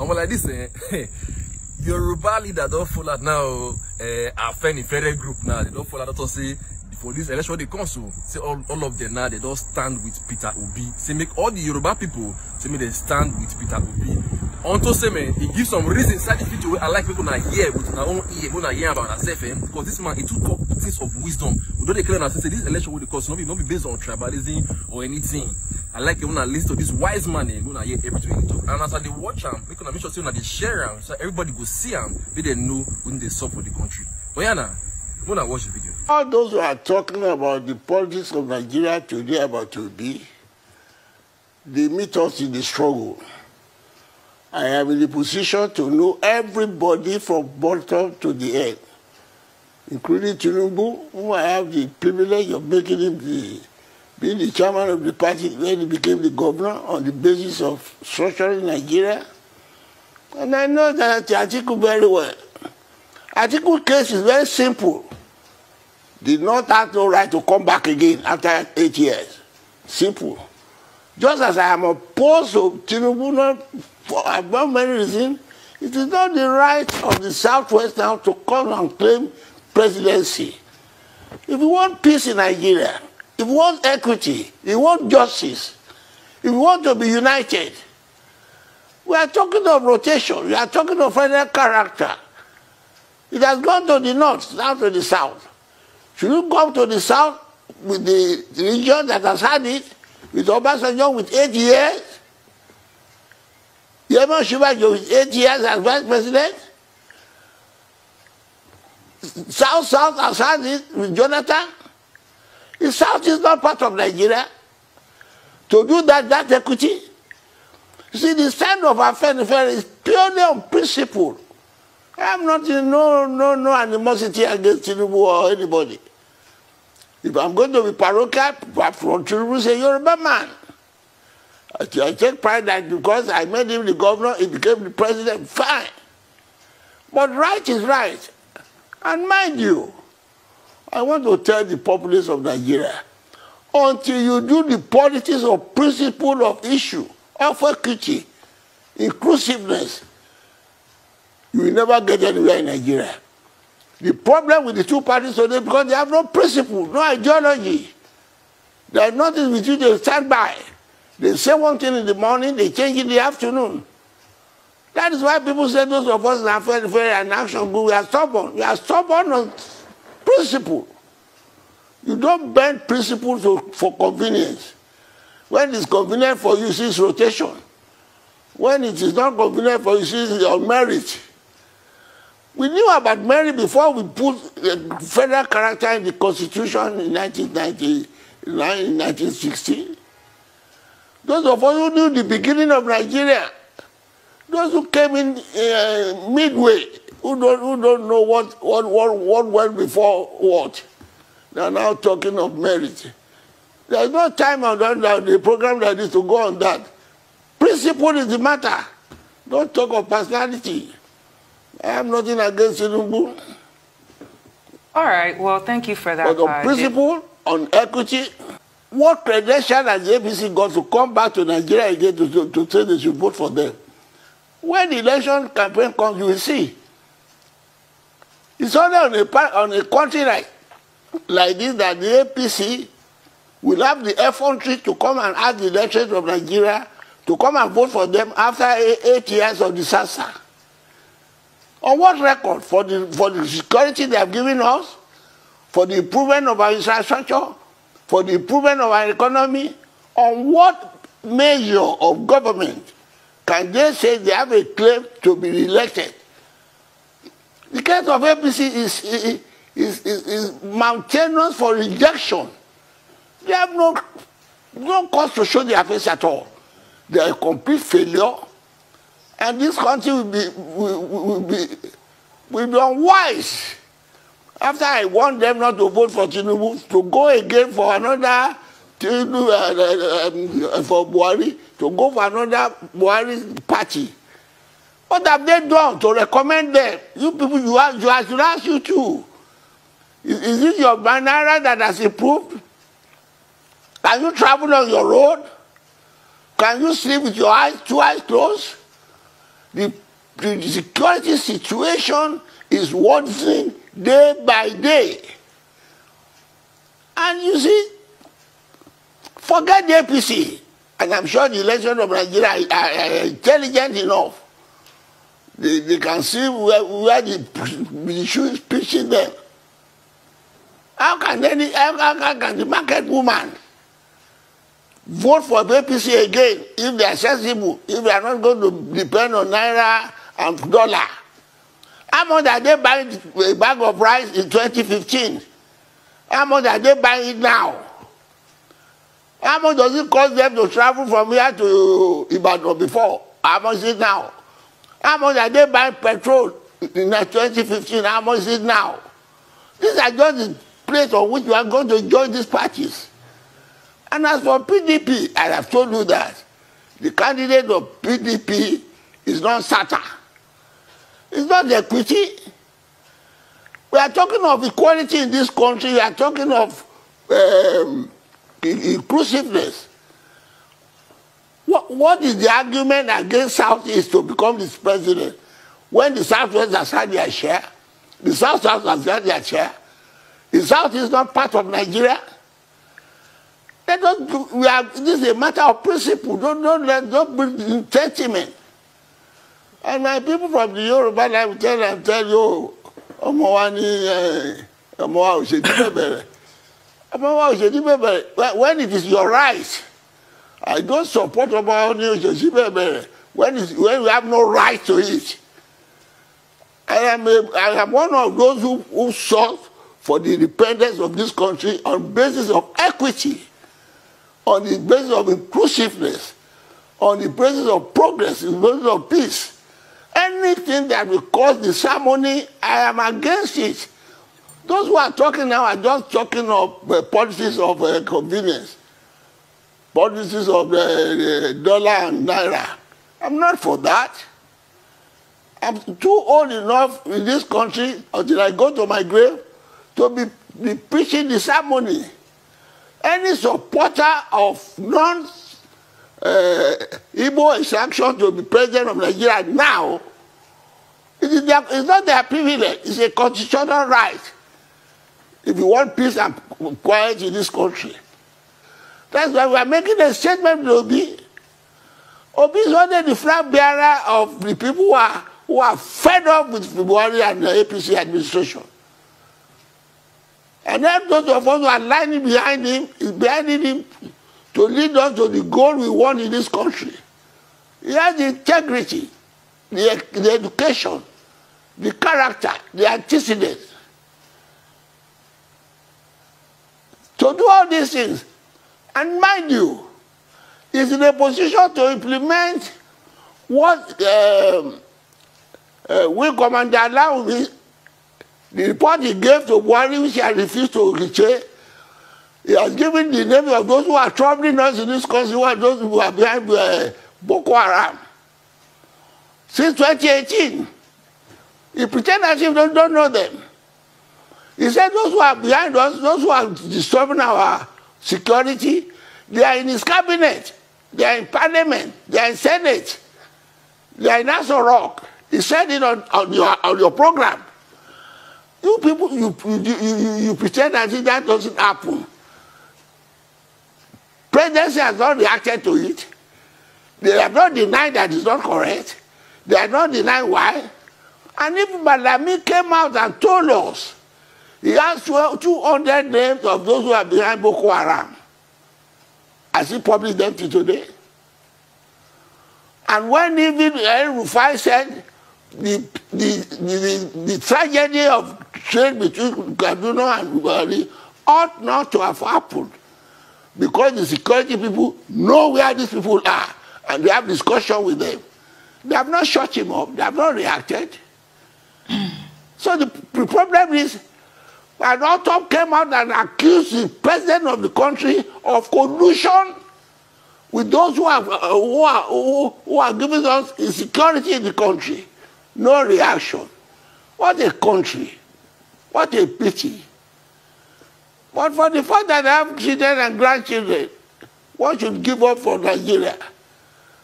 I'm like this eh, Yoruba leader don't follow out now eh, federal group now they don't follow out don say for this election they come so say all, all of them now they don't stand with Peter Obi See make all the Yoruba people see make they stand with Peter Obi unto say man he gives some reasons, inside the video I like people una hear with una own ear make una hear about herself eh because this man he took talk things of wisdom we don dey clear say this election will be cause no be no be based on tribalism or anything I like you when I listen to this wise man and when I hear everything he talk. And as I they watch him, make sure make sure they share him so everybody go see him, but they know when they suffer the country. But yeah, now, when I watch the video. All those who are talking about the politics of Nigeria today about to be, they meet us in the struggle. I am in the position to know everybody from bottom to the end, including Tinubu, who I have the privilege of making him the being the chairman of the party, then he became the governor on the basis of structuring Nigeria. And I know that article very well. Atiku case is very simple. Did not have no right to come back again after eight years. Simple. Just as I am opposed to Tinubu for about uh, many reasons, it is not the right of the Southwest now to come and claim presidency. If you want peace in Nigeria, if we want equity, if we want justice, if we want to be united, we are talking of rotation, we are talking of federal character. It has gone to the north, now to the south. Should you come to the south with the region that has had it, with Obasanjo with eight years, Yemon Shibajo with eight years as vice president, South South has had it with Jonathan, the South is not part of Nigeria. To do that, that equity. You see, the stand of Afenifere is purely on principle. I am not in no, no, no animosity against Tinubu or anybody. If I'm going to be parochial, from Tinubu say, you're a bad man. I take pride that because I made him the governor, he became the president, fine. But right is right. And mind you, I want to tell the populace of Nigeria, until you do the politics of principle of issue, of equity, inclusiveness, you will never get anywhere in Nigeria. The problem with the two parties today because they have no principle, no ideology. There is nothing with which they stand by. They say one thing in the morning, they change in the afternoon. That is why people say those of us in very, fair and action group, we are stubborn. We are stubborn Principle. You don't bend principle to, for convenience. When it's convenient for you, it's rotation. When it is not convenient for you, it's your marriage. We knew about marriage before we put the federal character in the Constitution in in 1960. Those of us who knew the beginning of Nigeria, those who came in uh, midway, who don't, who don't know what, what, what, what went before what. They are now talking of merit. There's no time on that, the program like this to go on that. Principle is the matter. Don't talk of personality. I have nothing against Tinubu. All right, well, thank you for that. But on principle, on equity, what credential has the APC got to come back to Nigeria again to, to, to say they should vote for them? When the election campaign comes, you will see. It's only on a, on a country like, like this that the APC will have the effrontery to come and ask the electorate of Nigeria to come and vote for them after eight years of disaster. On what record? For the, for the security they have given us, for the improvement of our infrastructure, for the improvement of our economy, on what measure of government can they say they have a claim to be elected? The case of APC is, is, is, is, is mountainous for rejection. They have no, no cause to show their face at all. They are a complete failure. And this country will be, will, will be, will be unwise. After I warned them not to vote for Tinubu, to go again for another Tinubu, uh, uh, um, uh, for Buhari, to go for another Buhari party. What have they done to recommend them? You people, you, have, you, have should ask you too. Is, is this your banana that has improved? Can you travel on your road? Can you sleep with your eyes, two eyes closed? The, the security situation is worsening day by day. And you see, forget the APC. And I'm sure the election of Nigeria are, are uh, uh, intelligent enough they, they can see where, where the, the shoe is pitching them. How can any how, how can the market woman vote for APC again if they are sensible, if they are not going to depend on naira and dollar? How much are they buying a bag of rice in 2015? How much are they buying it now? How much does it cost them to travel from here to Ibadan before? How much is it now? How much are they buying petrol in 2015? How much is it now? These are just the place on which you are going to join these parties. And as for PDP, I have told you that the candidate of PDP is not SATA. It's not equity. We are talking of equality in this country. We are talking of um, inclusiveness. What, what is the argument against South East to become this president when the South West has had their share? The South South has had their share. The South is not part of Nigeria. Let us we are, this is a matter of principle. Don't, don't, let, don't bring sentiment. And my people from the Yoruba I will tell them, tell you, Omowani, oh, wa ni eh, ọmọ wa when it is your right. I don't support about when, when we have no right to it. I am, a, I am one of those who, who sought for the independence of this country on basis of equity, on the basis of inclusiveness, on the basis of progress, on the basis of peace. Anything that will cause disharmony, I am against it. Those who are talking now are just talking of uh, policies of uh, convenience. politics of the, uh, the uh, dollar and naira. I'm not for that. I'm too old enough in this country until I go to my grave to be, be preaching this harmony. Any supporter of non uh, Igbo instruction to be president of Nigeria now, it is their, it's not their privilege, it's a constitutional right. If you want peace and quiet in this country. That's why we are making a statement to Obi. Obi is of the flag bearer of the people who are, who are fed up with Fibori and the APC administration. And then those of us who are lining behind him is behind him to lead us to the goal we want in this country. He has the integrity, the, the education, the character, the antecedents. To do all these things, and mind you, is in a position to implement what we um, uh, Wing Commander the report he gave to Buhari, which I refused to reject. he has given the name of those who are troubling us in this country, who are those who are behind uh, Boko Haram. Since 2018, he pretends as if he don't know them. He said those who are behind us, those who are disturbing our security, they are in his cabinet, they are in parliament, they are in senate, they are in Aso Rock. He said it on, on, your, on your program. You people, you, you, you, you pretend as if that doesn't happen. Presidency has not reacted to it. They have not denied that it's not correct. They have not denied why. And if Malami came out and told us He has 200 names of those who are behind Boko Haram. Has he published them to today? And when even El Rufai said the, the, the, the, the tragedy of trade between Kaduna and Buhari ought not to have happened because the security people know where these people are and they have discussion with them. They have not shut him up. They have not reacted. so the, the problem is And Otop came out and accused the president of the country of collusion with those who are, uh, who are, who, who are giving us insecurity in the country. No reaction. What a country. What a pity. But for the fact that I have children and grandchildren, what should give up for Nigeria.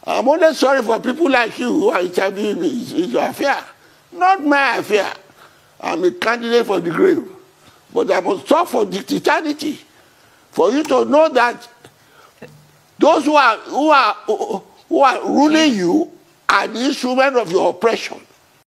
I'm only sorry for people like you who are interviewing me. it's your affair, not my affair. I'm a candidate for the grave. But I must talk for the eternity. For you to know that those who are, who are, who are ruling you are the instrument of your oppression.